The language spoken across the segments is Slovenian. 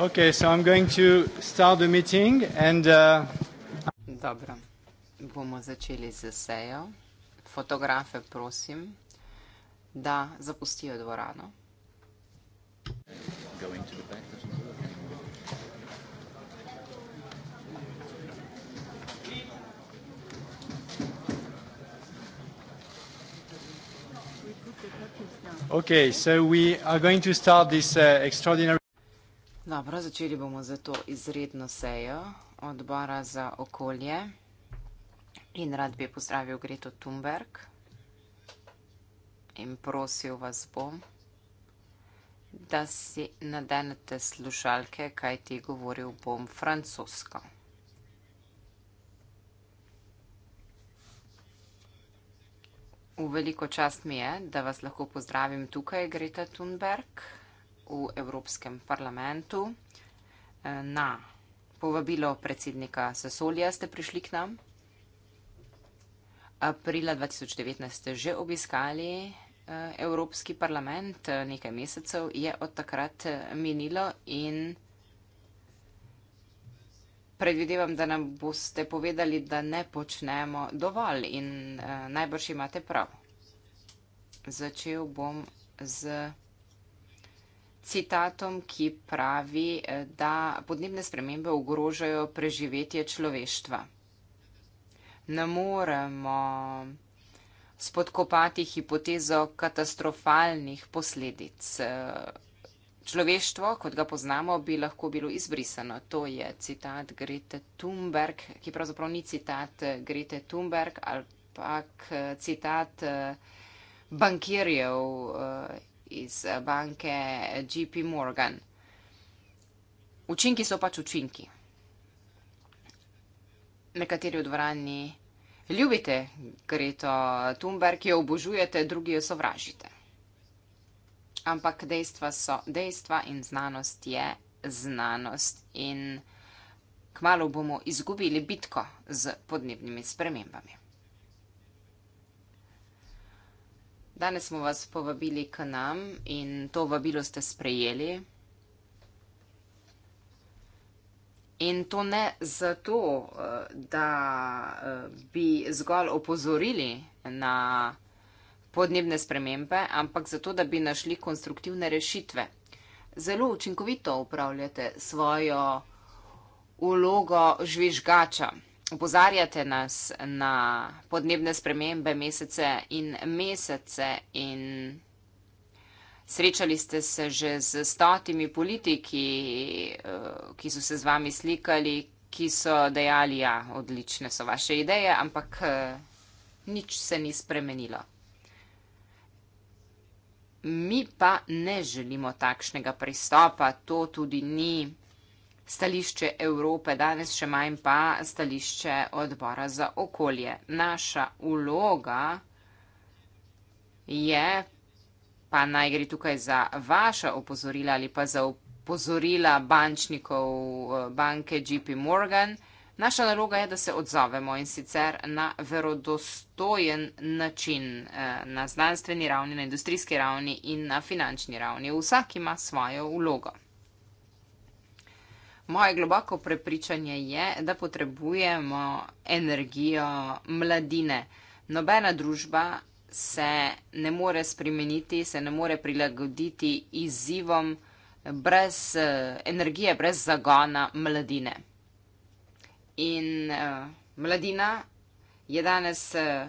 Okay, so I'm going to start the meeting and uh Dobro. Bomo začeli z sejo. Fotografe prosim, da zapustijo dvorano. Going to the back. Okay, so we are going to start this uh, extraordinary Dobro, začeli bomo zato izredno sejo odbora za okolje in rad bi pozdravil Greto Thunberg in prosil vas bom, da si nadenete slušalke, kaj ti govoril bom francosko. V veliko čast mi je, da vas lahko pozdravim tukaj, Greta Thunberg v Evropskem parlamentu. Eh, na povabilo predsednika Sesolja ste prišli k nam. Aprila 2019 ste že obiskali eh, Evropski parlament, eh, nekaj mesecev je od takrat minilo in predvidevam, da nam boste povedali, da ne počnemo dovolj in najbrž imate prav. Začel bom z vsega citatom, ki pravi, eh, da podnebne spremembe ogrožajo preživetje človeštva. Ne moremo spodkopati hipotezo katastrofalnih posledic. Eh, človeštvo, kot ga poznamo, bi lahko bilo izbrisano. To je citat Grete Thunberg, ki pravzaprav ni citat eh, Grete Thunberg, ampak citat bankirjev iz eh, banke eh, JP Morgan. Učinki so pač učinki. Nekateri v dvorani ljubite Greto Thunberg, jo obožujete, drugi jo sovražite. Ampak dejstva so dejstva in znanost je znanost in kmalo bomo izgubili bitko z podnebnimi spremembami. Danes smo vas povabili k nam in to vabilo ste sprejeli. In to ne zato, eh, da eh, bi zgolj opozorili na podnebne spremembe, ampak zato, da bi našli konstruktivne rešitve. Zelo učinkovito upravljate svojo ulogo žvižgača. Opozarjate nas na podnebne spremembe, mesece in mesece, in srečali ste se že z stotimi politiki, eh, ki so se z vami slikali, ki so dejali, da ja, odlične so vaše ideje, ampak eh, nič se ni spremenilo. Mi pa ne želimo takšnega pristopa, to tudi ni stališče Evrope, danes še manj pa stališče odbora za okolje. Naša uloga je, pa naj gre tukaj za vaša opozorila ali pa za opozorila bančnikov eh, banke JP Morgan, naša naloga je, da se odzovemo in sicer na verodostojen način, eh, na znanstveni ravni, na industrijski ravni in na finančni ravni. Vsak ima svojo ulogo. Moje globoko prepričanje je, da potrebujemo energijo mladine. Nobena družba se ne more spremeniti, se ne more prilagoditi izzivom brez eh, energije, brez zagona mladine. In uh, mladina je danes eh,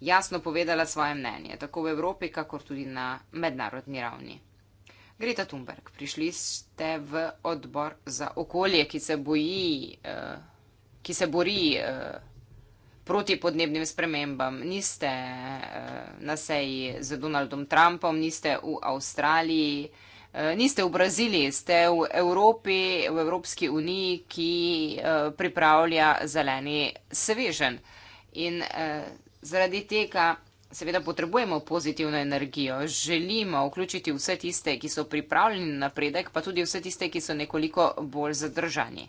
jasno povedala svoje mnenje, tako v Evropi, kakor tudi na mednarodni ravni. Greta Thunberg, prišli ste v odbor za okolje, ki se, boji, uh, ki se bori uh, proti podnebnim spremembam. Niste uh, na seji z Donaldom Trumpom, niste v Avstraliji, uh, niste v Braziliji, ste v Evropi, v Evropski uniji, ki uh, pripravlja zeleni svežen. In uh, zaradi tega Seveda potrebujemo pozitivno energijo, želimo vključiti vse tiste, ki so pripravljeni na napredek, pa tudi vse tiste, ki so nekoliko bolj zadržani.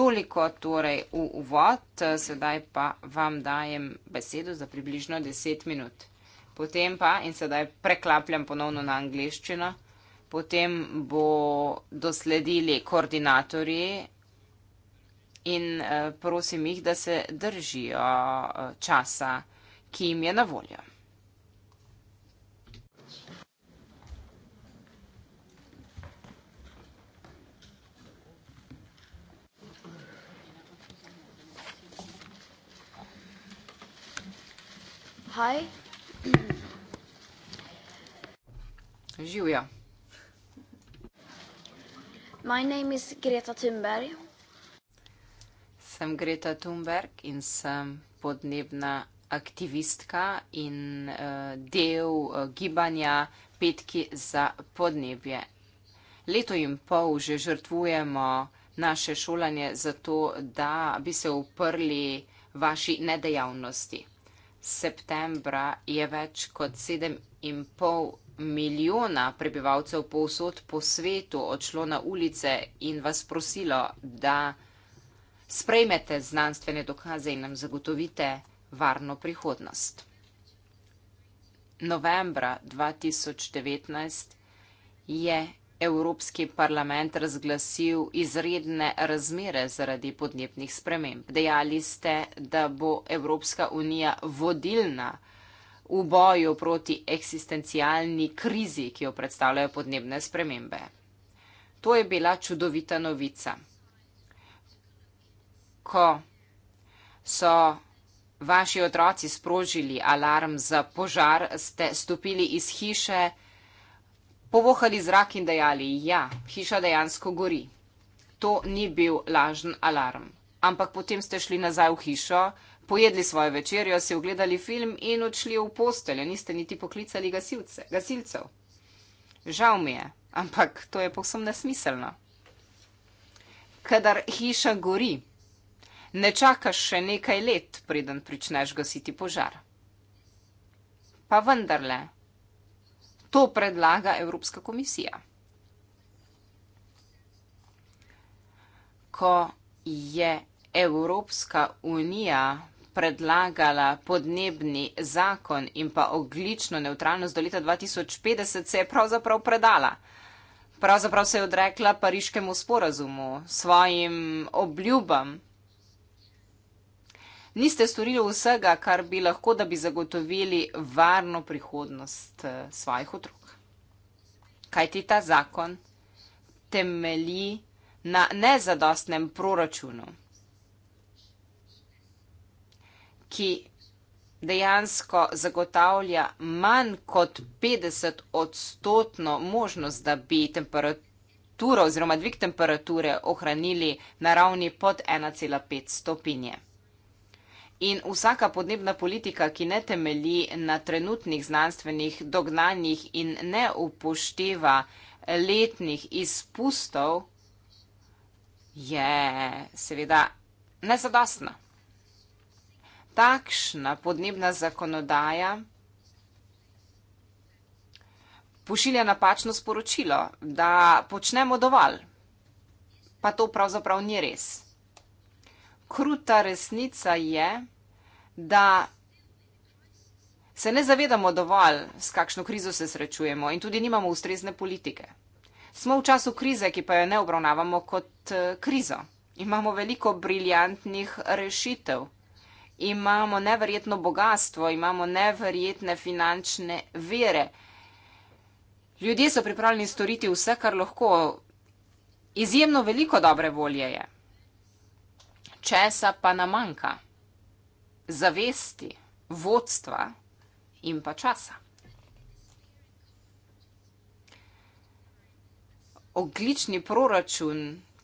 Toliko torej v uvod, sedaj pa vam dajem besedo za približno 10 minut. Potem pa, in sedaj preklapljam ponovno na angliščino, potem bo dosledili koordinatorji in eh, prosim jih, da se držijo eh, časa ki jim je na voljo. Hi. Julia. My name is Greta Thunberg. Sem Greta Thunberg in sem podnebna aktivistka in eh, del eh, gibanja Petki za podnebje. Leto in pol že žrtvujemo naše šolanje zato, da bi se uprli vaši nedejavnosti. Septembra je več kot 7,5 milijona prebivalcev povsod po svetu odšlo na ulice in vas prosilo, da sprejmete znanstvene dokaze in nam zagotovite varno prihodnost. Novembra 2019 je Evropski parlament razglasil izredne razmere zaradi podnebnih sprememb. Dejali ste, da bo Evropska unija vodilna v boju proti eksistencialni krizi, ki jo predstavljajo podnebne spremembe. To je bila čudovita novica. Ko so vaši otroci sprožili alarm za požar, ste stopili iz hiše, povohali zrak in dejali, ja, hiša dejansko gori. To ni bil lažen alarm. Ampak potem ste šli nazaj v hišo, pojedli svojo večerjo, si ogledali film in odšli v posteljo, niste niti poklicali gasilce, gasilcev. Žal mi je, ampak to je povsem nesmiselno. Kadar hiša gori, ne čakaš še nekaj let, preden pričneš gasiti požar. Pa vendarle, to predlaga Evropska komisija. Ko je Evropska unija predlagala podnebni zakon in pa oglično neutralnost do leta 2050, se je pravzaprav predala. Pravzaprav se je odrekla pariškemu sporazumu, svojim obljubam, niste storili vsega, kar bi lahko, da bi zagotovili varno prihodnost eh, svojih otrok. Kaj ti ta zakon temelji na nezadostnem proračunu, ki dejansko zagotavlja manj kot 50 odstotno možnost, da bi temperatura oziroma dvig temperature ohranili na ravni pod 1,5 stopinje. In vsaka podnebna politika, ki ne temelji na trenutnih znanstvenih dognanjih in ne upošteva letnih izpustov, je seveda nezadostna. Takšna podnebna zakonodaja pošilja napačno sporočilo, da počnemo dovolj. Pa to pravzaprav ni res. Kruta resnica je, da se ne zavedamo dovolj, s kakšno krizo se srečujemo in tudi nimamo ustrezne politike. Smo v času krize, ki pa jo ne obravnavamo kot eh, krizo. Imamo veliko briljantnih rešitev, imamo neverjetno bogatstvo, imamo neverjetne finančne vere. Ljudje so pripravljeni storiti vse, kar lahko. Izjemno veliko dobre volje je. Česa pa nam manjka? zavesti, vodstva in pa časa. Oglični proračun,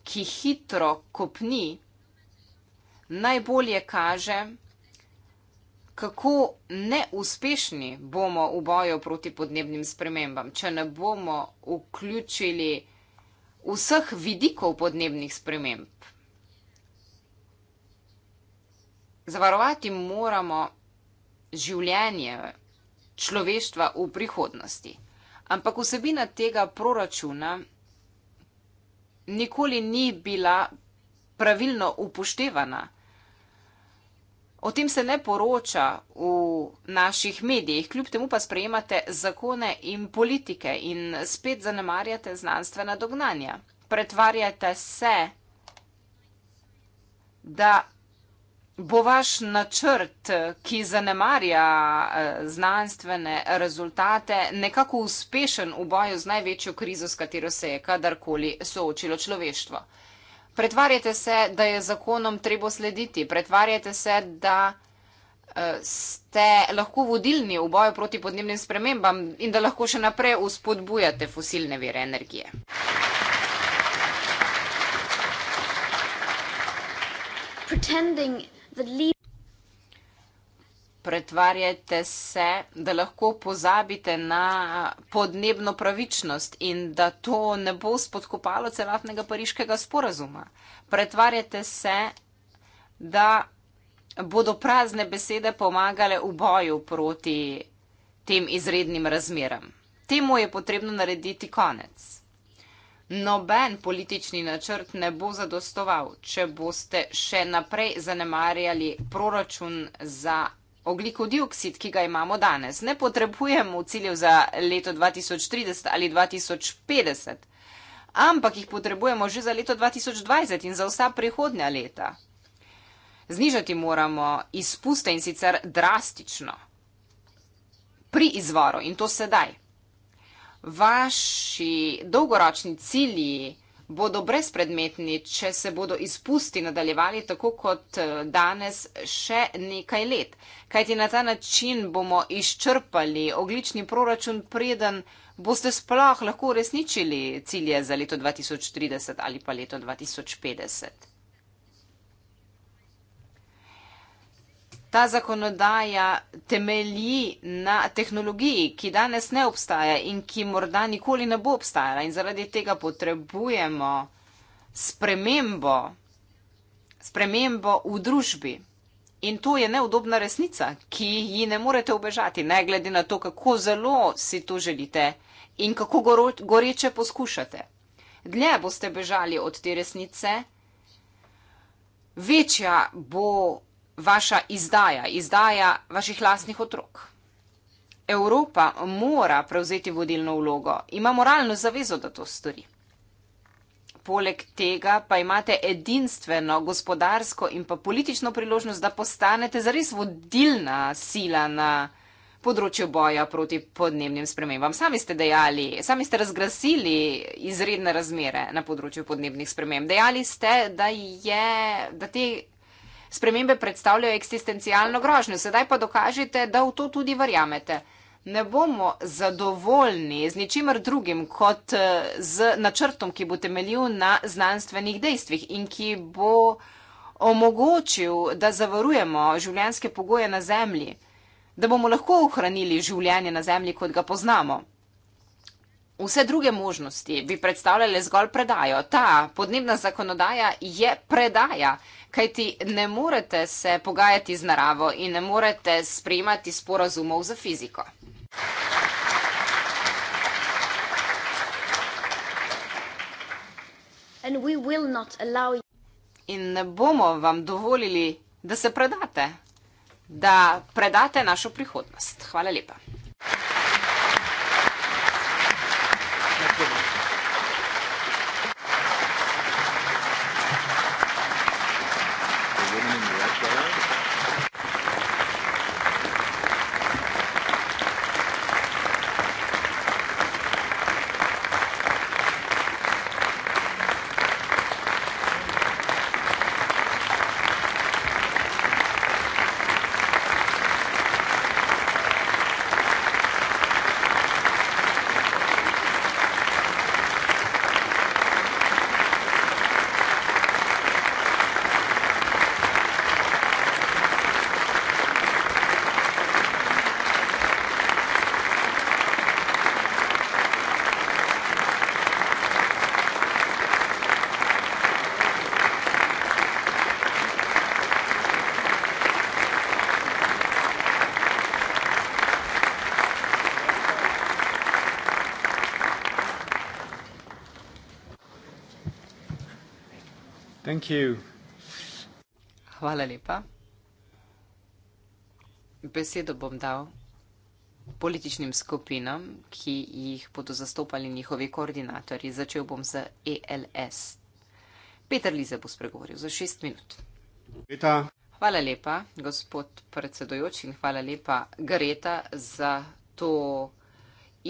ki hitro kopni, najbolje kaže, kako neuspešni bomo v boju proti podnebnim spremembam, če ne bomo vključili vseh vidikov podnebnih sprememb, zavarovati moramo življenje človeštva v prihodnosti. Ampak vsebina tega proračuna nikoli ni bila pravilno upoštevana. O tem se ne poroča v naših medijih, kljub temu pa sprejemate zakone in politike in spet zanemarjate znanstvena dognanja. Pretvarjate se, da bo vaš načrt, ki zanemarja eh, znanstvene rezultate, nekako uspešen v boju z največjo krizo, s katero se je kadarkoli soočilo človeštvo. Pretvarjate se, da je zakonom treba slediti, pretvarjate se, da eh, ste lahko vodilni v boju proti podnebnim spremembam in da lahko še naprej uspodbujate fosilne vire energije. Pretending Pretvarjate se, da lahko pozabite na podnebno pravičnost in da to ne bo spodkopalo celotnega pariškega sporazuma. Pretvarjate se, da bodo prazne besede pomagale v boju proti tem izrednim razmeram. Temu je potrebno narediti konec. Noben politični načrt ne bo zadostoval, če boste še naprej zanemarjali proračun za ogliko dioksid, ki ga imamo danes. Ne potrebujemo ciljev za leto 2030 ali 2050, ampak jih potrebujemo že za leto 2020 in za vsa prihodnja leta. Znižati moramo izpuste in sicer drastično pri izvoru in to sedaj vaši dolgoročni cilji bodo brezpredmetni, če se bodo izpusti nadaljevali tako kot eh, danes še nekaj let. Kajti na ta način bomo izčrpali oglični proračun, preden boste sploh lahko uresničili cilje za leto 2030 ali pa leto 2050. ta zakonodaja temelji na tehnologiji, ki danes ne obstaja in ki morda nikoli ne bo obstajala. In zaradi tega potrebujemo spremembo, spremembo v družbi. In to je neudobna resnica, ki ji ne morete obežati, ne glede na to, kako zelo si to želite in kako goreče poskušate. Dlje boste bežali od te resnice, večja bo vaša izdaja, izdaja vaših lastnih otrok. Evropa mora prevzeti vodilno vlogo, ima moralno zavezo, da to stori. Poleg tega pa imate edinstveno gospodarsko in pa politično priložnost, da postanete zares vodilna sila na področju boja proti podnebnim spremembam. Sami ste dejali, sami ste razglasili izredne razmere na področju podnebnih sprememb. Dejali ste, da je, da te spremembe predstavljajo eksistencialno grožnjo. Sedaj pa dokažite, da v to tudi verjamete. Ne bomo zadovoljni z ničimer drugim kot eh, z načrtom, ki bo temeljil na znanstvenih dejstvih in ki bo omogočil, da zavarujemo življenjske pogoje na Zemlji, da bomo lahko ohranili življenje na Zemlji, kot ga poznamo. Vse druge možnosti bi predstavljale zgolj predajo. Ta podnebna zakonodaja je predaja kajti ne morete se pogajati z naravo in ne morete sprejemati sporazumov za fiziko. In ne bomo vam dovolili, da se predate, da predate našo prihodnost. Hvala lepa. Hvala lepa. Besedo bom dal političnim skupinam, ki jih bodo zastopali njihovi koordinatorji. Začel bom z ELS. Peter Lize bo spregovoril za šest minut. Peta. Hvala lepa, gospod predsedojoč in hvala lepa, Greta, za to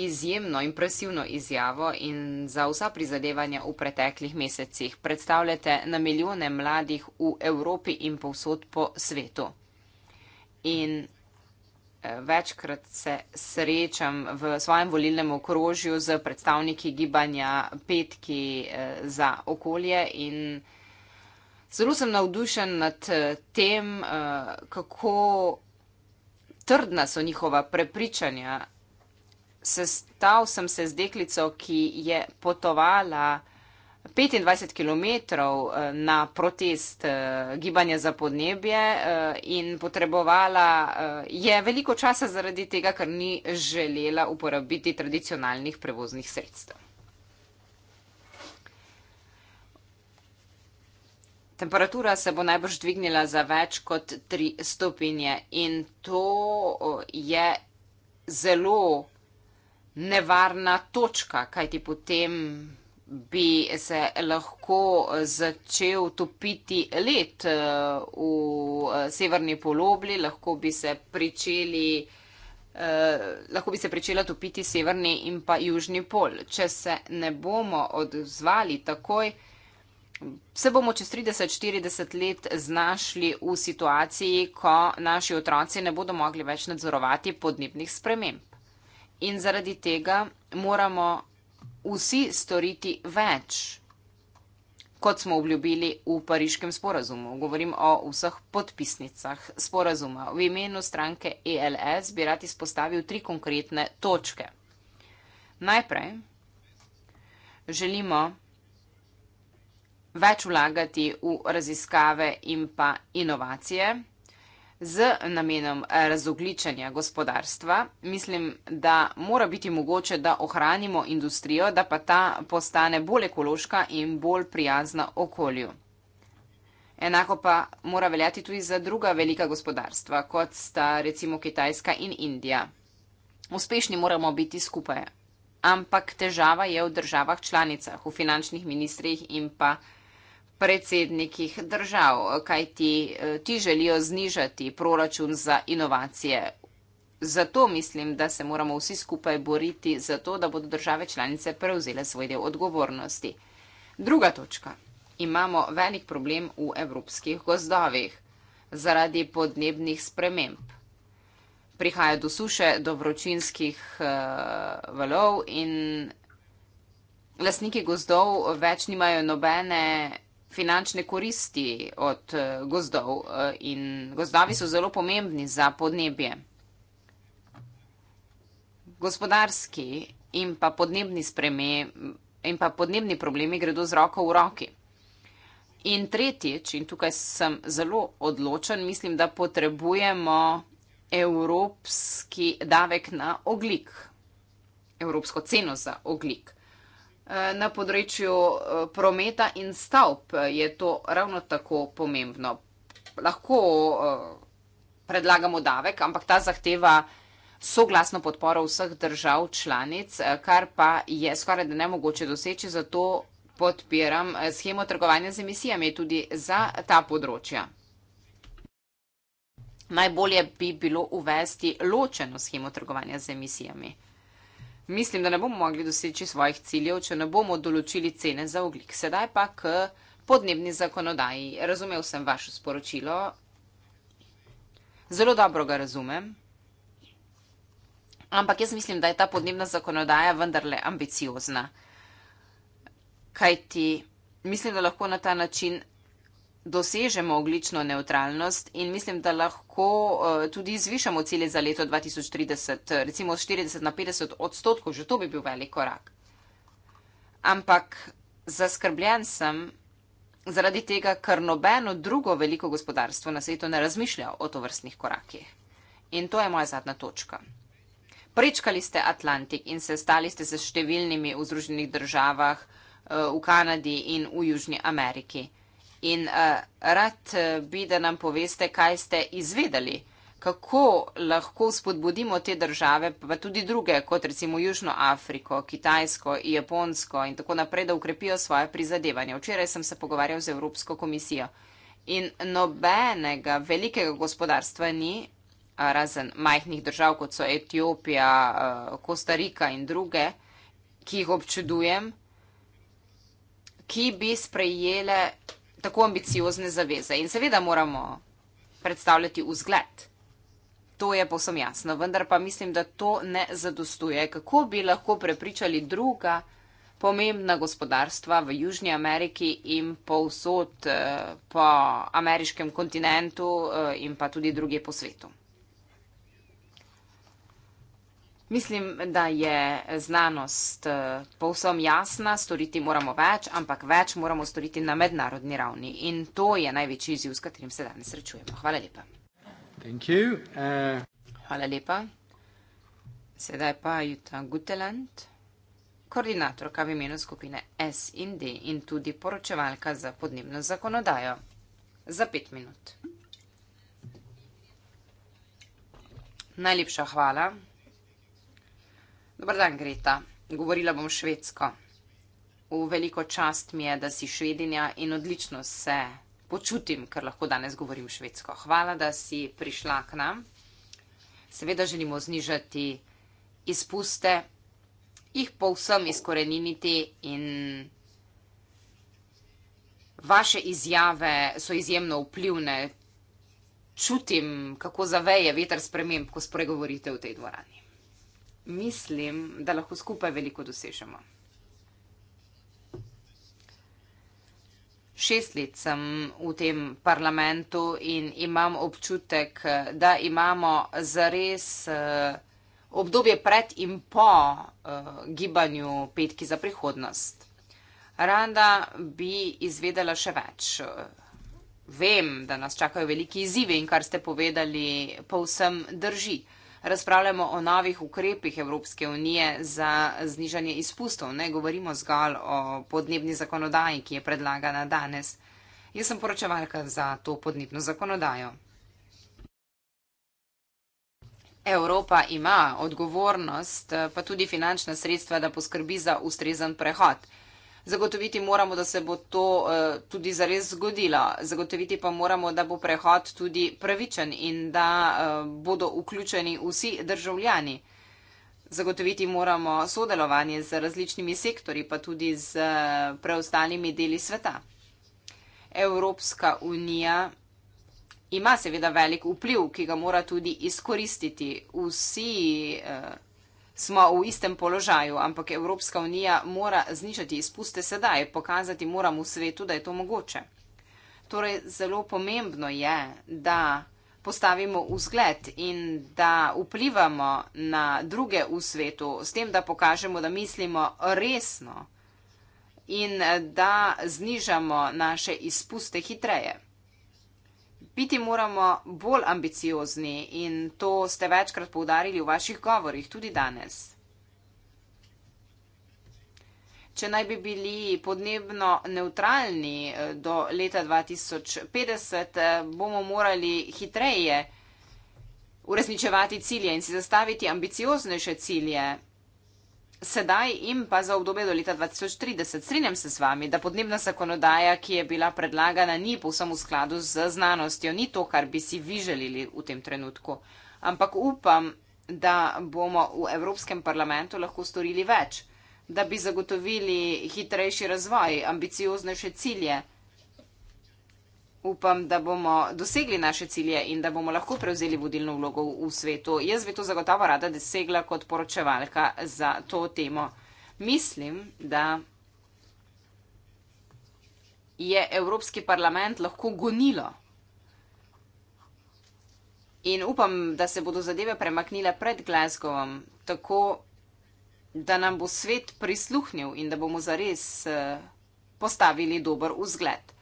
izjemno impresivno izjavo in za vsa prizadevanja v preteklih mesecih predstavljate na milijone mladih v Evropi in povsod po svetu. In eh, večkrat se srečam v svojem volilnem okrožju z predstavniki gibanja Petki eh, za okolje in zelo sem navdušen nad eh, tem, kako trdna so njihova prepričanja sestal sem se z deklico, ki je potovala 25 km eh, na protest eh, gibanja za podnebje eh, in potrebovala je veliko časa zaradi tega, ker ni želela uporabiti tradicionalnih prevoznih sredstev. Temperatura se bo najbrž dvignila za več kot 3 stopinje in to je zelo nevarna točka, kajti potem bi se lahko začel topiti let eh, v eh, severni polobli, lahko bi se pričeli. Uh, lahko bi se pričela topiti severni in pa južni pol. Če se ne bomo odzvali takoj, se bomo čez 30-40 let znašli v situaciji, ko naši otroci ne bodo mogli več nadzorovati podnebnih sprememb in zaradi tega moramo vsi storiti več, kot smo obljubili v Pariškem sporazumu. Govorim o vseh podpisnicah sporazuma. V imenu stranke ELS bi rad izpostavil tri konkretne točke. Najprej želimo več vlagati v raziskave in pa inovacije z namenom eh, razogličanja gospodarstva. Mislim, da mora biti mogoče, da ohranimo industrijo, da pa ta postane bolj ekološka in bolj prijazna okolju. Enako pa mora veljati tudi za druga velika gospodarstva, kot sta recimo Kitajska in Indija. Uspešni moramo biti skupaj, ampak težava je v državah članicah, v finančnih ministrih in pa predsednikih držav, kaj ti, eh, ti želijo znižati proračun za inovacije. Zato mislim, da se moramo vsi skupaj boriti za to, da bodo države članice prevzele svoj del odgovornosti. Druga točka. Imamo velik problem v evropskih gozdovih zaradi podnebnih sprememb. Prihaja do suše, do vročinskih uh, valov in lasniki gozdov več nimajo nobene finančne koristi od eh, gozdov eh, in gozdovi so zelo pomembni za podnebje. Gospodarski in pa podnebni spremi in pa podnebni problemi gredo z roko v roki. In tretjič, in tukaj sem zelo odločen, mislim, da potrebujemo evropski davek na oglik, evropsko ceno za oglik. Na področju eh, prometa in stavb je to ravno tako pomembno. Lahko eh, predlagamo davek, ampak ta zahteva soglasno podporo vseh držav članic, eh, kar pa je skoraj da nemogoče doseči, zato podpiram schemo trgovanja z emisijami tudi za ta področja. Najbolje bi bilo uvesti ločeno schemo trgovanja z emisijami. Mislim, da ne bomo mogli doseči svojih ciljev, če ne bomo določili cene za oglik. Sedaj pa k podnebni zakonodaji. Razumel sem vaše sporočilo. Zelo dobro ga razumem. Ampak jaz mislim, da je ta podnebna zakonodaja vendarle ambiciozna. Kaj ti mislim, da lahko na ta način dosežemo oglično neutralnost in mislim, da lahko eh, tudi zvišamo cilje za leto 2030, recimo z 40 na 50 odstotkov, že to bi bil velik korak. Ampak zaskrbljen sem zaradi tega, ker nobeno drugo veliko gospodarstvo na svetu ne razmišlja o tovrstnih korakih. In to je moja zadnja točka. Prečkali ste Atlantik in se stali ste se številnimi v Združenih državah, eh, v Kanadi in v Južni Ameriki. In uh, rad eh, bi, da nam poveste, kaj ste izvedeli, kako lahko spodbudimo te države, pa tudi druge, kot recimo Južno Afriko, Kitajsko, Japonsko in tako naprej, da ukrepijo svoje prizadevanja. Včeraj sem se pogovarjal z Evropsko komisijo in nobenega velikega gospodarstva ni, razen majhnih držav, kot so Etiopija, Kostarika eh, in druge, ki jih občudujem, ki bi sprejele tako ambiciozne zaveze. In seveda moramo predstavljati vzgled. To je povsem jasno, vendar pa mislim, da to ne zadostuje. Kako bi lahko prepričali druga pomembna gospodarstva v Južni Ameriki in povsod eh, po ameriškem kontinentu eh, in pa tudi druge po svetu? Mislim, da je znanost eh, povsem jasna, storiti moramo več, ampak več moramo storiti na mednarodni ravni. In to je največji izziv, s katerim se danes srečujemo. Hvala lepa. Uh... Hvala lepa. Sedaj pa Jutta Guteland, koordinatorka v imenu skupine S&D in tudi poročevalka za podnebno zakonodajo. Za pet minut. Najlepša hvala. Dobar dan, Greta. Govorila bom švedsko. V veliko čast mi je, da si švedinja in odlično se počutim, ker lahko danes govorim švedsko. Hvala, da si prišla k nam. Seveda želimo znižati izpuste, jih povsem izkoreniniti in vaše izjave so izjemno vplivne. Čutim, kako zaveje veter sprememb, ko spregovorite v tej dvorani mislim, da lahko skupaj veliko dosežemo. Šest let sem v tem parlamentu in imam občutek, da imamo zares eh, obdobje pred in po eh, gibanju petki za prihodnost. Rada bi izvedela še več. Vem, da nas čakajo veliki izzivi in kar ste povedali, povsem drži razpravljamo o novih ukrepih Evropske unije za znižanje izpustov. Ne govorimo zgolj o podnebni zakonodaji, ki je predlagana danes. Jaz sem poročevalka za to podnebno zakonodajo. Evropa ima odgovornost, pa tudi finančna sredstva, da poskrbi za ustrezen prehod. Zagotoviti moramo, da se bo to eh, tudi zares zgodilo. Zagotoviti pa moramo, da bo prehod tudi pravičen in da eh, bodo vključeni vsi državljani. Zagotoviti moramo sodelovanje z različnimi sektori, pa tudi z eh, preostalimi deli sveta. Evropska unija ima seveda velik vpliv, ki ga mora tudi izkoristiti. Vsi smo v istem položaju, ampak Evropska unija mora znižati izpuste sedaj, pokazati moramo svetu, da je to mogoče. Torej, zelo pomembno je, da postavimo vzgled in da vplivamo na druge v svetu s tem, da pokažemo, da mislimo resno in da znižamo naše izpuste hitreje. Biti moramo bolj ambiciozni in to ste večkrat poudarili v vaših govorih, tudi danes. Če naj bi bili podnebno neutralni eh, do leta 2050, eh, bomo morali hitreje uresničevati cilje in si zastaviti ambicioznejše cilje sedaj in pa za obdobje do leta 2030. Strinjam se z vami, da podnebna zakonodaja, ki je bila predlagana, ni povsem v skladu z znanostjo, ni to, kar bi si vi želeli v tem trenutku. Ampak upam, da bomo v Evropskem parlamentu lahko storili več, da bi zagotovili hitrejši razvoj, ambicioznejše cilje upam, da bomo dosegli naše cilje in da bomo lahko prevzeli vodilno vlogo v, v svetu. Jaz bi to zagotovo rada dosegla kot poročevalka za to temo. Mislim, da je Evropski parlament lahko gonilo. In upam, da se bodo zadeve premaknile pred Glasgowom, tako da nam bo svet prisluhnil in da bomo zares eh, postavili dober vzgled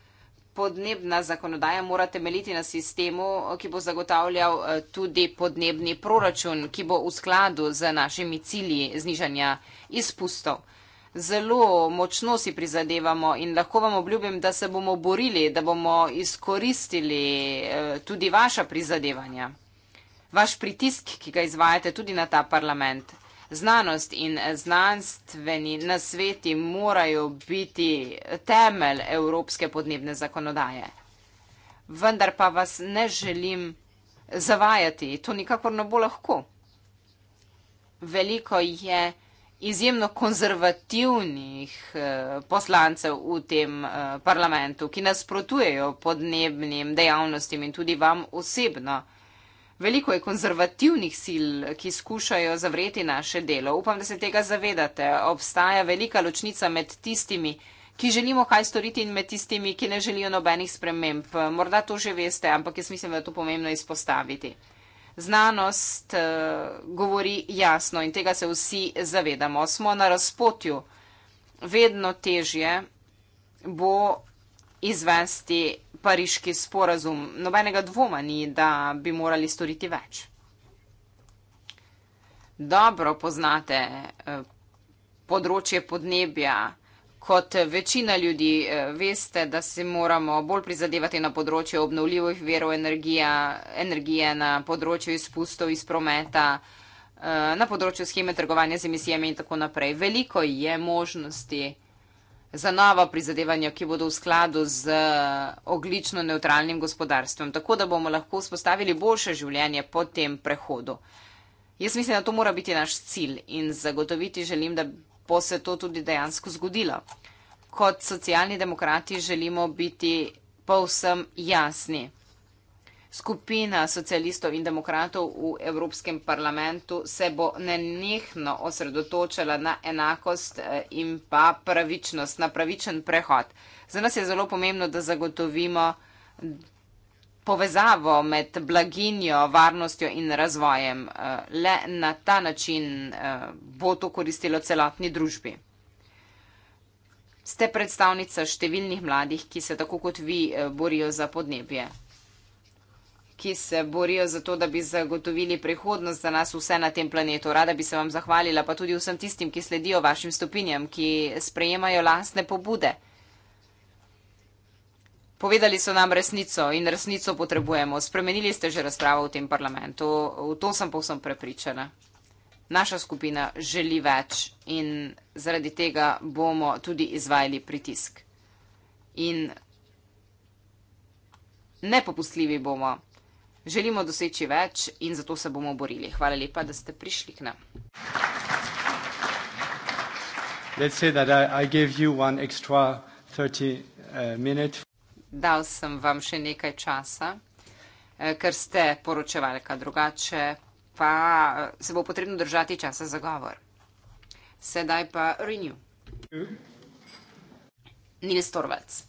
podnebna zakonodaja mora temeljiti na sistemu, ki bo zagotavljal eh, tudi podnebni proračun, ki bo v skladu z našimi cilji znižanja izpustov. Zelo močno si prizadevamo in lahko vam obljubim, da se bomo borili, da bomo izkoristili eh, tudi vaša prizadevanja, vaš pritisk, ki ga izvajate tudi na ta parlament. Znanost in znanstveni nasveti morajo biti temelj evropske podnebne zakonodaje. Vendar pa vas ne želim zavajati, to nikakor ne bo lahko. Veliko je izjemno konzervativnih eh, poslancev v tem eh, parlamentu, ki nasprotujejo podnebnim dejavnostim in tudi vam osebno. Veliko je konzervativnih sil, ki skušajo zavreti naše delo. Upam, da se tega zavedate. Obstaja velika ločnica med tistimi, ki želimo kaj storiti in med tistimi, ki ne želijo nobenih sprememb. Morda to že veste, ampak jaz mislim, da je to pomembno izpostaviti. Znanost eh, govori jasno in tega se vsi zavedamo. Smo na razpotju. Vedno težje bo izvesti pariški sporazum. Nobenega dvoma ni, da bi morali storiti več. Dobro poznate eh, področje podnebja. Kot večina ljudi eh, veste, da se moramo bolj prizadevati na področju obnovljivih verov energija, energije, na področju izpustov iz prometa, eh, na področju scheme trgovanja z emisijami in tako naprej. Veliko je možnosti za novo prizadevanje, ki bodo v skladu z eh, oglično neutralnim gospodarstvom, tako da bomo lahko vzpostavili boljše življenje po tem prehodu. Jaz mislim, da to mora biti naš cilj in zagotoviti želim, da bo se to tudi dejansko zgodilo. Kot socialni demokrati želimo biti povsem jasni. Skupina socialistov in demokratov v Evropskem parlamentu se bo nenehno osredotočala na enakost eh, in pa pravičnost, na pravičen prehod. Za nas je zelo pomembno, da zagotovimo povezavo med blaginjo, varnostjo in razvojem. Eh, le na ta način eh, bo to koristilo celotni družbi. Ste predstavnica številnih mladih, ki se tako kot vi borijo za podnebje ki se borijo za to, da bi zagotovili prihodnost za nas vse na tem planetu. Rada bi se vam zahvalila, pa tudi vsem tistim, ki sledijo vašim stopinjam, ki sprejemajo lastne pobude. Povedali so nam resnico in resnico potrebujemo. Spremenili ste že razpravo v tem parlamentu. V to sem povsem prepričana. Naša skupina želi več in zaradi tega bomo tudi izvajali pritisk. In nepopustljivi bomo. Želimo doseči več in zato se bomo borili. Hvala lepa, da ste prišli k nam. Uh, Dal sem vam še nekaj časa, eh, ker ste poročevalka drugače, pa eh, se bo potrebno držati časa za govor. Sedaj pa Renew. Nine Storvac.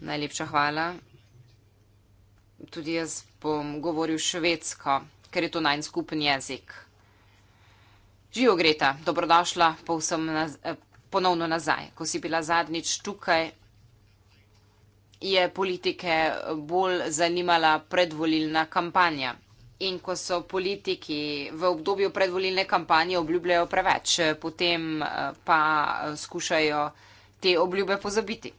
Najlepša hvala tudi jaz bom govoril švedsko, ker je to najn skupen jezik. Živo Greta, dobrodošla povsem na, ponovno nazaj. Ko si bila zadnjič tukaj, je politike bolj zanimala predvolilna kampanja. In ko so politiki v obdobju predvolilne kampanje obljubljajo preveč, potem eh, pa eh, skušajo te obljube pozabiti.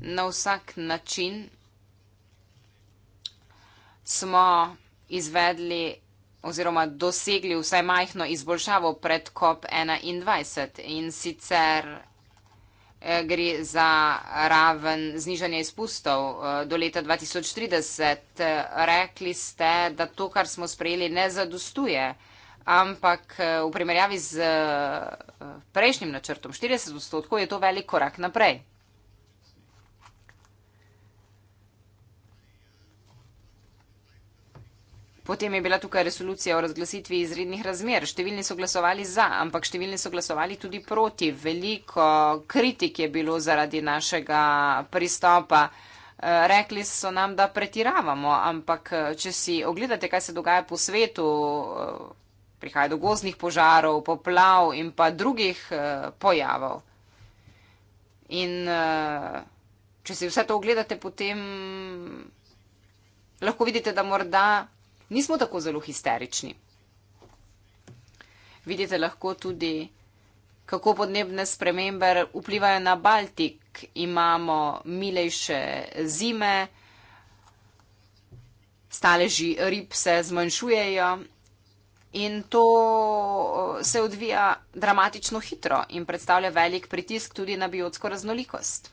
na vsak način smo izvedli oziroma dosegli vsaj majhno izboljšavo pred COP21 in sicer eh, gre za raven znižanja izpustov eh, do leta 2030. Rekli ste, da to, kar smo sprejeli, ne zadostuje, ampak eh, v primerjavi z prejšnjim načrtom 40 odstotkov je to velik korak naprej. Potem je bila tukaj resolucija o razglasitvi izrednih razmer. Številni so glasovali za, ampak številni so glasovali tudi proti. Veliko kritik je bilo zaradi našega pristopa. Eh, rekli so nam, da pretiravamo, ampak eh, če si ogledate, kaj se dogaja po svetu, eh, prihaja do gozdnih požarov, poplav in pa drugih pojavov. In če si vse to ogledate, potem lahko vidite, da morda nismo tako zelo histerični. Vidite lahko tudi, kako podnebne spremembe vplivajo na Baltik. Imamo milejše zime, staleži rib se zmanjšujejo in to eh, se odvija dramatično hitro in predstavlja velik pritisk tudi na biotsko raznolikost.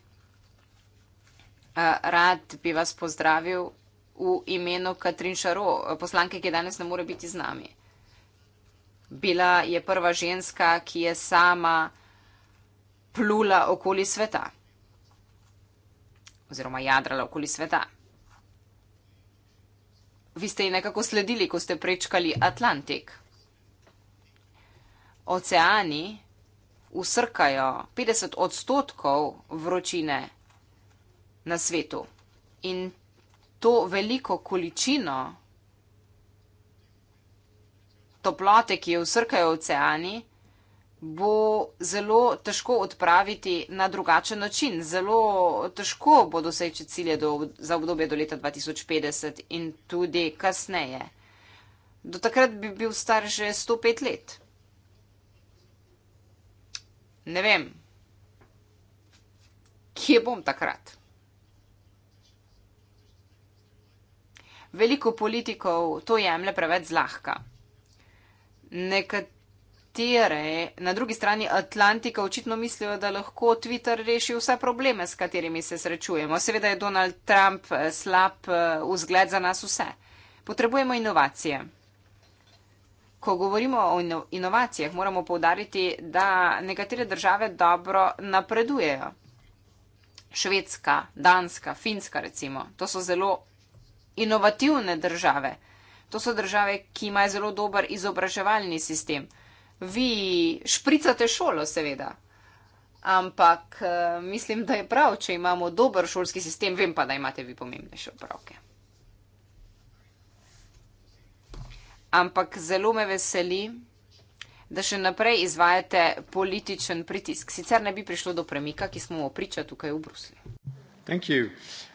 Eh, rad bi vas pozdravil v imenu Katrin Šaro, poslanke, ki danes ne more biti z nami. Bila je prva ženska, ki je sama plula okoli sveta oziroma jadrala okoli sveta. Vi ste ji nekako sledili, ko ste prečkali Atlantik. Oceani usrkajo 50 odstotkov vročine na svetu. In to veliko količino toplote, ki jo vsrkajo oceani, bo zelo težko odpraviti na drugačen način. Zelo težko bo doseči cilje do, za obdobje do leta 2050 in tudi kasneje. Do takrat bi bil star že 105 let. Ne vem, kje bom takrat. veliko politikov to jemlje preveč zlahka. Nekatere na drugi strani Atlantika očitno mislijo, da lahko Twitter reši vse probleme, s katerimi se srečujemo. Seveda je Donald Trump eh, slab eh, vzgled za nas vse. Potrebujemo inovacije. Ko govorimo o inovacijah, moramo povdariti, da nekatere države dobro napredujejo. Švedska, Danska, Finska recimo. To so zelo inovativne države. To so države, ki imajo zelo dober izobraževalni sistem. Vi špricate šolo, seveda. Ampak eh, mislim, da je prav, če imamo dober šolski sistem, vem pa, da imate vi pomembnejše opravke. Ampak zelo me veseli, da še naprej izvajate političen pritisk. Sicer ne bi prišlo do premika, ki smo mu pričali tukaj v Bruslju. Hvala.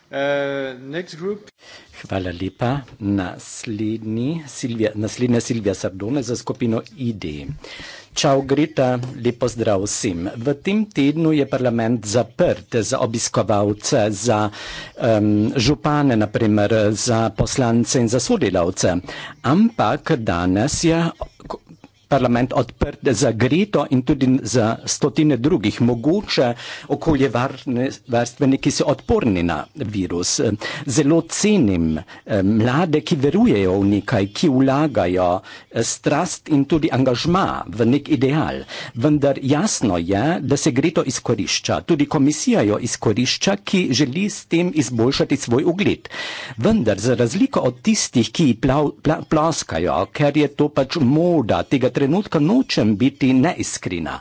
Uh, next group. Hvala lepa. Naslednji, Silvia, naslednja Silvija Sardone za skupino ID. Čau, Greta, lepo zdrav vsem. V tem tednu je parlament zaprt za obiskovalce, za um, župane, naprimer, za poslance in za sodelavce. Ampak danes je parlament odprt za Grito in tudi za stotine drugih, mogoče okoljevarstvenike, ki so odporni na virus. Zelo cenim eh, mlade, ki verujejo v nekaj, ki vlagajo eh, strast in tudi angažma v nek ideal. Vendar jasno je, da se Grito izkorišča. Tudi komisija jo izkorišča, ki želi s tem izboljšati svoj ugled. Vendar za razliko od tistih, ki plav, pla, ploskajo, ker je to pač moda tega trenutka nočem biti neiskrena.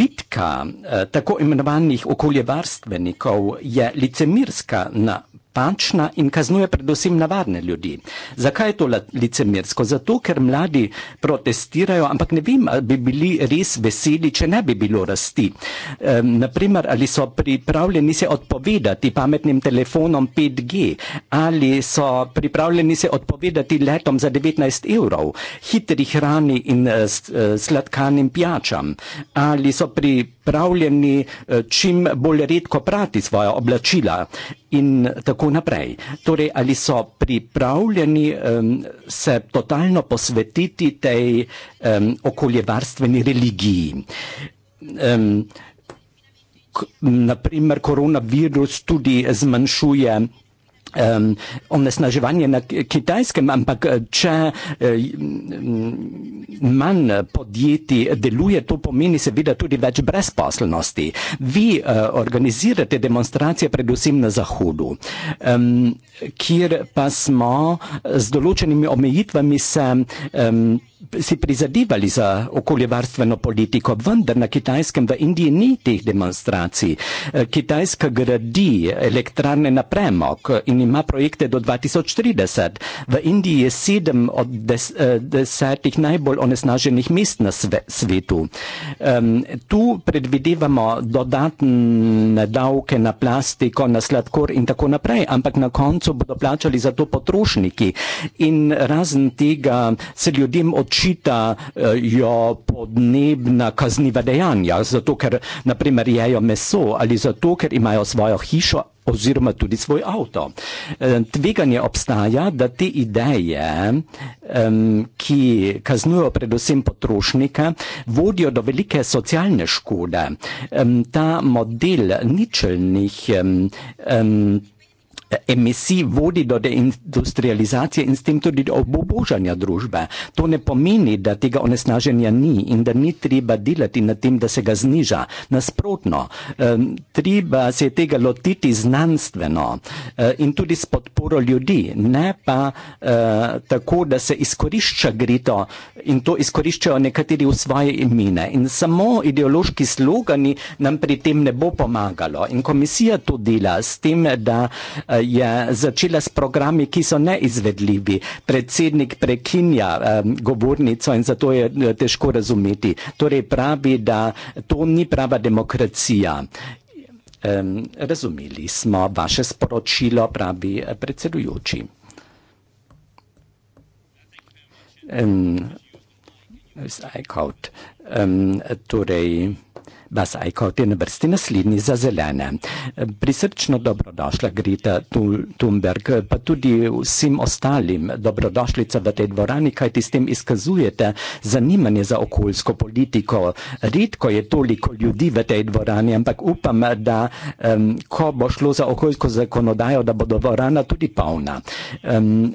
Bitka eh, tako imenovanih okoljevarstvenikov je licemirska na napačna in kaznuje predvsem navadne ljudi. Zakaj je to licemersko? Zato, ker mladi protestirajo, ampak ne vem, ali bi bili res veseli, če ne bi bilo rasti. Ehm, naprimer, ali so pripravljeni se odpovedati pametnim telefonom 5G, ali so pripravljeni se odpovedati letom za 19 evrov, hitri hrani in e, sladkanim pijačam, ali so pripravljeni e, čim bolj redko prati svoja oblačila in tako naprej. Torej, ali so pripravljeni um, se totalno posvetiti tej um, okoljevarstveni religiji? Um, naprimer, koronavirus tudi zmanjšuje Um, onesnaživanje na kitajskem, ampak eh, če um, manj podjetij deluje, to pomeni seveda tudi več brezposelnosti. Vi uh, organizirate demonstracije predvsem na Zahodu, um, kjer pa smo z določenimi omejitvami se, um, si prizadevali za okoljevarstveno politiko, vendar na kitajskem v Indiji ni teh demonstracij. Uh, Kitajska gradi elektrarne na premog in oni ma projekte do 2040. V Indiji je sedem od des, eh, desetih najbolj onesnaženih mest na sve, svetu. Um, tu predvidevamo dodatne davke na plastiko, na sladkor in tako naprej, ampak na koncu bodo plačali za to potrošniki. In razen tega se ljudem očitajo eh, podnebna kazniva dejanja, zato ker naprimer jejo meso ali zato ker imajo svojo hišo oziroma tudi svoj avto. E, tveganje obstaja, da te ideje, ki kaznujo predvsem potrošnike, vodijo do velike socialne škode. Ta model ničelnih emisij vodi do deindustrializacije in s tem tudi do obobožanja družbe. To ne pomeni, da tega onesnaženja ni in da ni treba delati na tem, da se ga zniža. Nasprotno, treba se tega lotiti znanstveno eh, in tudi s podporo ljudi, ne pa eh, tako, da se izkorišča grito in to izkoriščajo nekateri v svoje imene. In samo ideološki slogani nam pri tem ne bo pomagalo. In komisija to dela s tem, da eh, je začela s programi, ki so neizvedljivi. Predsednik prekinja um, govornico in zato je eh, težko razumeti. Torej pravi, da to ni prava demokracija. Um, razumeli smo vaše sporočilo, pravi eh, predsedujoči. Um, Um, torej, vas ajko v tem vrsti naslednji za zelene. Prisrčno dobrodošla Greta Thunberg, pa tudi vsem ostalim dobrodošlica v tej dvorani, kajti s tem izkazujete zanimanje za okoljsko politiko. Redko je toliko ljudi v tej dvorani, ampak upam, da um, ko bo šlo za okoljsko zakonodajo, da bo dvorana tudi polna. Um,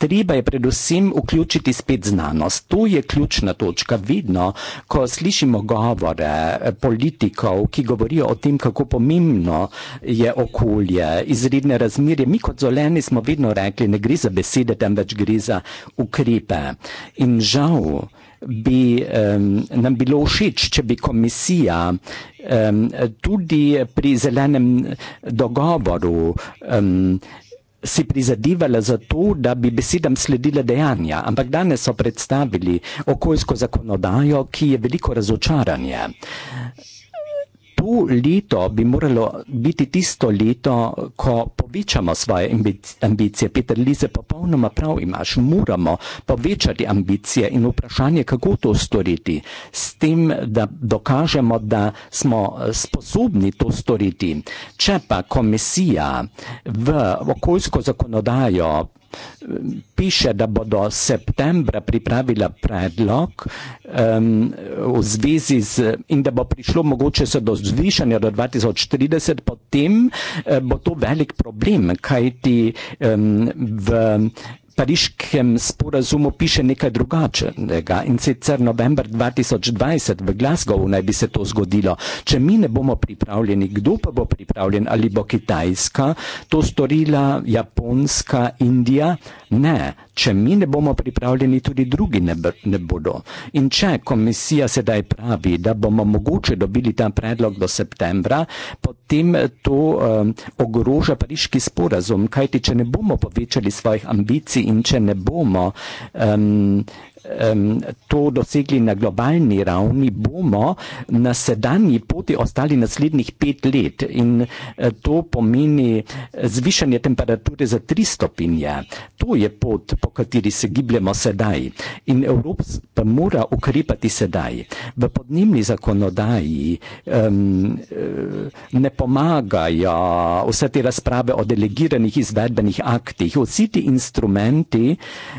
treba je predvsem vključiti spet znanost. To je ključna točka. Vedno, ko slišimo govore, politikov, ki govorijo o tem, kako pomembno je okolje, izredne razmerje. Mi kot zeleni smo vedno rekli, ne gre za besede, temveč gre za ukrepe. In žal bi um, nam bilo všeč, če bi komisija um, tudi pri zelenem dogovoru um, si prizadevala za to, da bi besedam sledila dejanja, ampak danes so predstavili okoljsko zakonodajo, ki je veliko razočaranje to leto bi moralo biti tisto leto, ko povečamo svoje ambicije. Peter Lise, popolnoma prav imaš, moramo povečati ambicije in vprašanje, kako to storiti, s tem, da dokažemo, da smo eh, sposobni to storiti. Če pa komisija v okoljsko zakonodajo piše, da bodo septembra pripravila predlog um, v zvezi z in da bo prišlo mogoče se do zvišanja do 2030, potem uh, bo to velik problem, kajti um, v pariškem sporazumu piše nekaj drugačnega in sicer november 2020 v Glasgow naj bi se to zgodilo. Če mi ne bomo pripravljeni, kdo pa bo pripravljen, ali bo Kitajska to storila, Japonska, Indija? Ne. Če mi ne bomo pripravljeni, tudi drugi ne, ne bodo. In če komisija sedaj pravi, da bomo mogoče dobili ta predlog do septembra, potem to um, ogroža pariški sporazum, kajti če ne bomo povečali svojih ambicij in če ne bomo um, um, to dosegli na globalni ravni, bomo na sedanji poti ostali naslednjih pet let in uh, to pomeni eh, zvišanje temperature za tri stopinje. To je pot, po kateri se gibljemo sedaj in Evropa mora ukrepati sedaj. V podnebni zakonodaji um, ne pomagajo vse te razprave o delegiranih izvedbenih aktih. Vsi ti instrumenti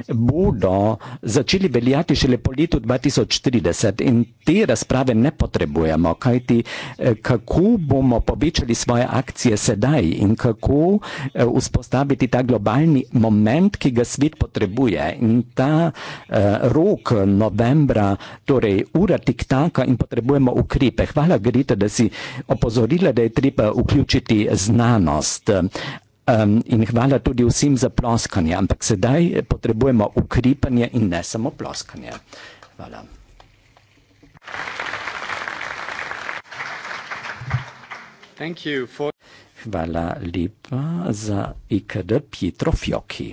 bodo začeli v veljati šele po letu 2030 in te razprave ne potrebujemo, kajti eh, kako bomo povečali svoje akcije sedaj in kako eh, vzpostaviti ta globalni moment, ki ga svet potrebuje. In ta eh, rok novembra, torej ura tiktaka in potrebujemo ukrepe. Hvala, Grita, da si opozorila, da je treba vključiti znanost. Um, in hvala tudi vsem za ploskanje, ampak sedaj potrebujemo ukrepanje in ne samo ploskanje. Hvala. Hvala lepa za IKD Pietro Fjoki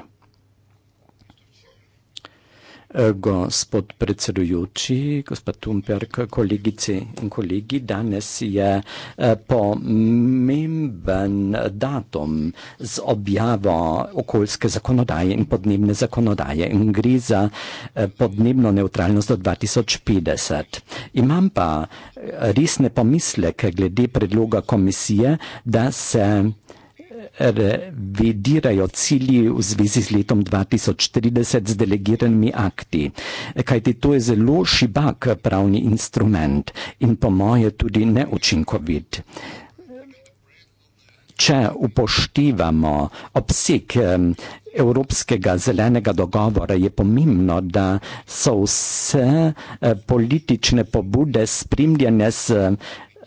gospod predsedujoči, gospod Tumperk, kolegice in kolegi, danes je eh, pomemben datum z objavo okoljske zakonodaje in podnebne zakonodaje in gre za eh, podnebno neutralnost do 2050. Imam pa eh, resne pomisleke glede predloga komisije, da se revidirajo cilji v zvezi z letom 2030 z delegiranimi akti. Kajti to je zelo šibak pravni instrument in po moje tudi neučinkovit. Če upoštevamo obseg Evropskega zelenega dogovora, je pomembno, da so vse eh, politične pobude spremljene s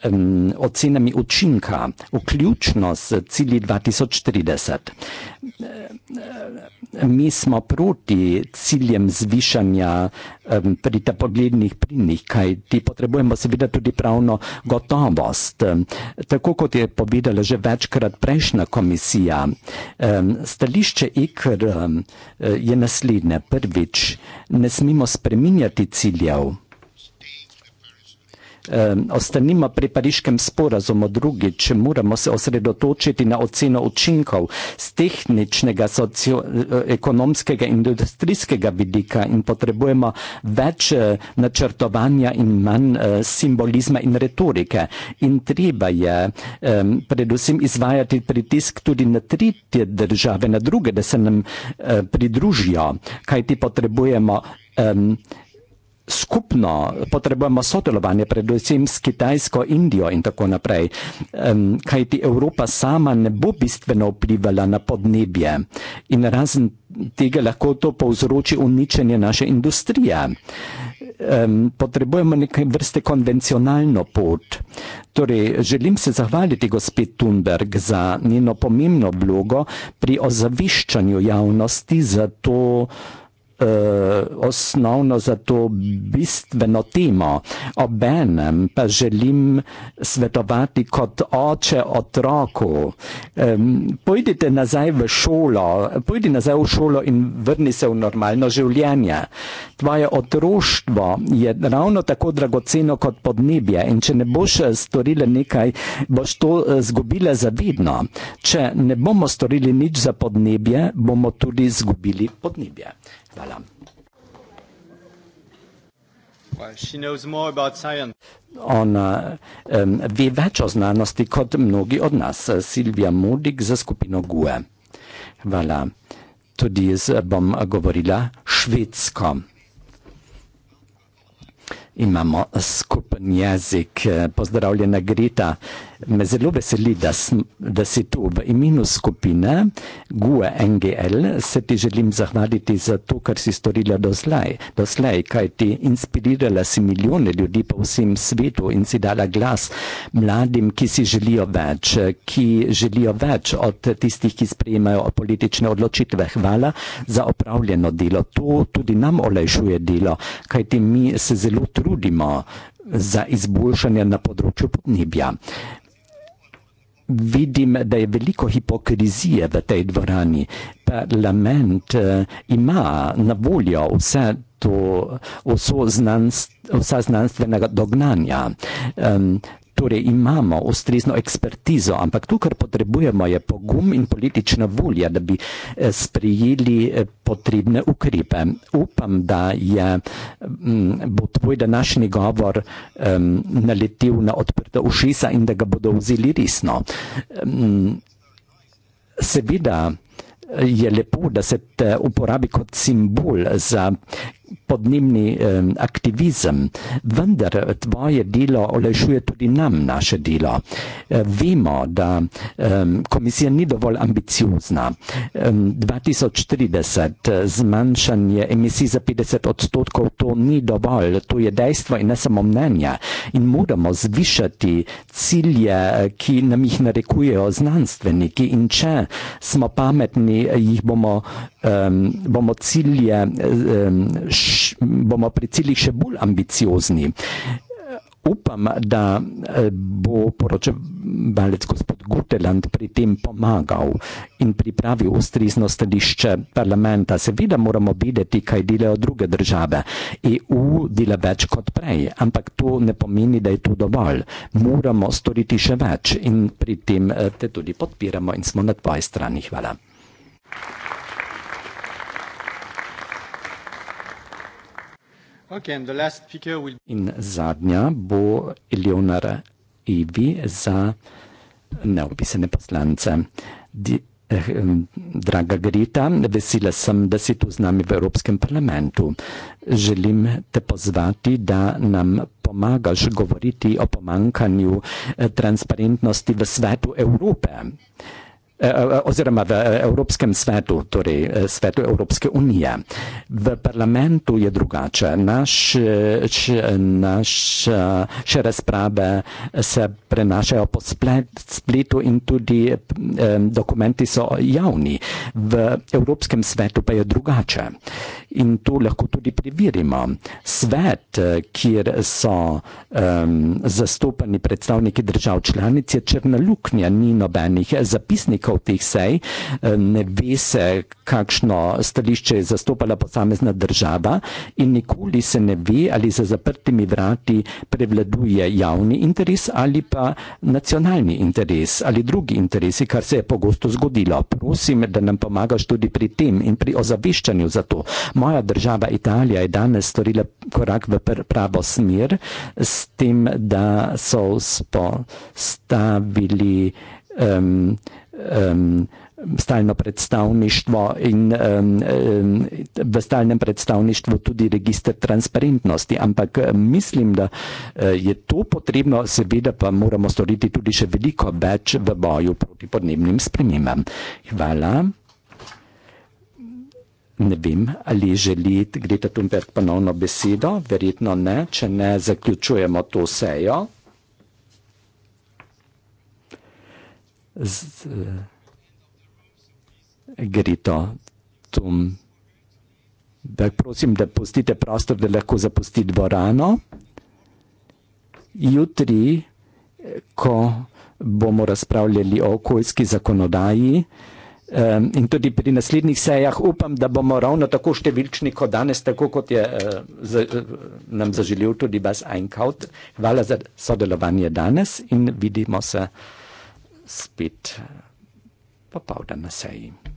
um, ocenami učinka, vključno s cilji 2030. Mi smo proti ciljem zvišanja um, pritepodlednih plinih, kaj ti potrebujemo seveda tudi pravno gotovost. Tako kot je povedala že večkrat prejšnja komisija, um, stališče IKR um, je naslednje. Prvič, ne smemo spreminjati ciljev o strnima pri pariškem sporazumu drugič moramo se osredotočiti na oceno učinkov z tehničnega, socioekonomskega eh, in industrijskega vidika in potrebujemo več eh, načrtovanja in manj eh, simbolizma in retorike. In treba je predvsem izvajati pritisk tudi na tretje države, na druge, da se nam pridružijo, kaj ti potrebujemo skupno potrebujemo sodelovanje, predvsem s Kitajsko, Indijo in tako naprej, um, kajti Evropa sama ne bo bistveno vplivala na podnebje in razen tega lahko to povzroči uničenje naše industrije. Um, potrebujemo nekaj vrste konvencionalno pot. Torej, želim se zahvaliti gospod Thunberg za njeno pomembno vlogo pri ozaviščanju javnosti za to, uh, osnovno za to bistveno temo. Obenem pa želim svetovati kot oče otroku. Um, pojdite nazaj v šolo, pojdi nazaj v šolo in vrni se v normalno življenje. Tvoje otroštvo je ravno tako dragoceno kot podnebje in če ne boš eh, storila nekaj, boš to eh, zgubila za vedno. Če ne bomo storili nič za podnebje, bomo tudi zgubili podnebje. Hvala. Ona um, ve več o znanosti kot mnogi od nas. Silvija Mudik za skupino GUE. Hvala. Tudi jaz bom govorila švedsko imamo skupen jezik. Eh, pozdravljena, Greta. Me zelo veseli, da, sm, da si tu v imenu skupine GUE NGL. Se ti želim zahvaliti za to, kar si storila doslej, doslej kaj ti inspirirala si milijone ljudi po vsem svetu in si dala glas mladim, ki si želijo več, eh, ki želijo več od tistih, ki sprejemajo politične odločitve. Hvala za opravljeno delo. To tudi nam olajšuje delo, kaj ti mi se zelo trudimo trudimo za izboljšanje na področju podnebja. Vidim, da je veliko hipokrizije v tej dvorani. Parlament eh, ima na voljo vse to, vso znanst, vsa znanstvena dognanja torej imamo ustrezno ekspertizo, ampak to, kar potrebujemo, je pogum in politična volja, da bi eh, sprejeli eh, potrebne ukrepe. Upam, da je, mm, bo tvoj današnji govor um, naletel na odprta ušesa in da ga bodo vzeli resno. Seveda eh, je lepo, da se te uporabi kot simbol za podnebni eh, aktivizem, vendar tvoje delo olajšuje tudi nam naše delo. Eh, vemo, da eh, komisija ni dovolj ambiciozna. Eh, 2030 zmanjšanje emisij za 50 odstotkov, to ni dovolj, to je dejstvo in ne samo mnenje. In moramo zvišati cilje, ki nam jih narekujejo znanstveniki in če smo pametni, jih bomo um, bomo cilje, um, š, bomo pri ciljih še bolj ambiciozni. Upam, da eh, bo poročevalec gospod Guteland pri tem pomagal in pripravil ustrezno stališče parlamenta. Seveda moramo videti, kaj delajo druge države. EU dela več kot prej, ampak to ne pomeni, da je to dovolj. Moramo storiti še več in pri tem eh, te tudi podpiramo in smo na tvoji strani. Hvala. In zadnja bo Eleonor Evi za neopisane poslance. Di, eh, draga Greta, vesela sem, da si tu z nami v Evropskem parlamentu. Želim te pozvati, da nam pomagaš govoriti o pomankanju eh, transparentnosti v svetu Evrope. Eh, eh, eh, oziroma v Evropskem svetu, torej svetu Evropske unije. V parlamentu je drugače. Naš, š, naš, še razprave se prenašajo po splitu in tudi eh, dokumenti so javni. V Evropskem svetu pa je drugače in to lahko tudi preverimo. Svet, eh, kjer so um, zastopani predstavniki držav članic, je črna luknja, ni nobenih eh, zapisnikov teh sej, eh, ne ve se, kakšno stališče je zastopala posamezna država in nikoli se ne ve, ali za zaprtimi vrati prevladuje javni interes ali pa nacionalni interes ali drugi interesi, kar se je pogosto zgodilo. Prosim, da nam pomagaš tudi pri tem in pri ozaveščanju za to moja država Italija je danes storila korak v pravo smer s tem, da so spostavili um, um, stalno predstavništvo in um, um, v stalnem predstavništvu tudi register transparentnosti. Ampak mislim, da eh, je to potrebno, seveda pa moramo storiti tudi še veliko več v boju proti podnebnim spremembam. Hvala. Ne vem, ali želi Greta Thunberg ponovno besedo, verjetno ne, če ne zaključujemo to sejo. Z, uh, Greta Thunberg, prosim, da pustite prostor, da lahko zapusti dvorano. Jutri, eh, ko bomo razpravljali o okoljski zakonodaji, uh, um, in tudi pri naslednjih sejah upam, da bomo ravno tako številčni kot danes, tako kot je uh, eh, za, uh, eh, nam zaželil tudi vas Einkaut. Hvala za sodelovanje danes in vidimo se spet eh, popovdan na seji.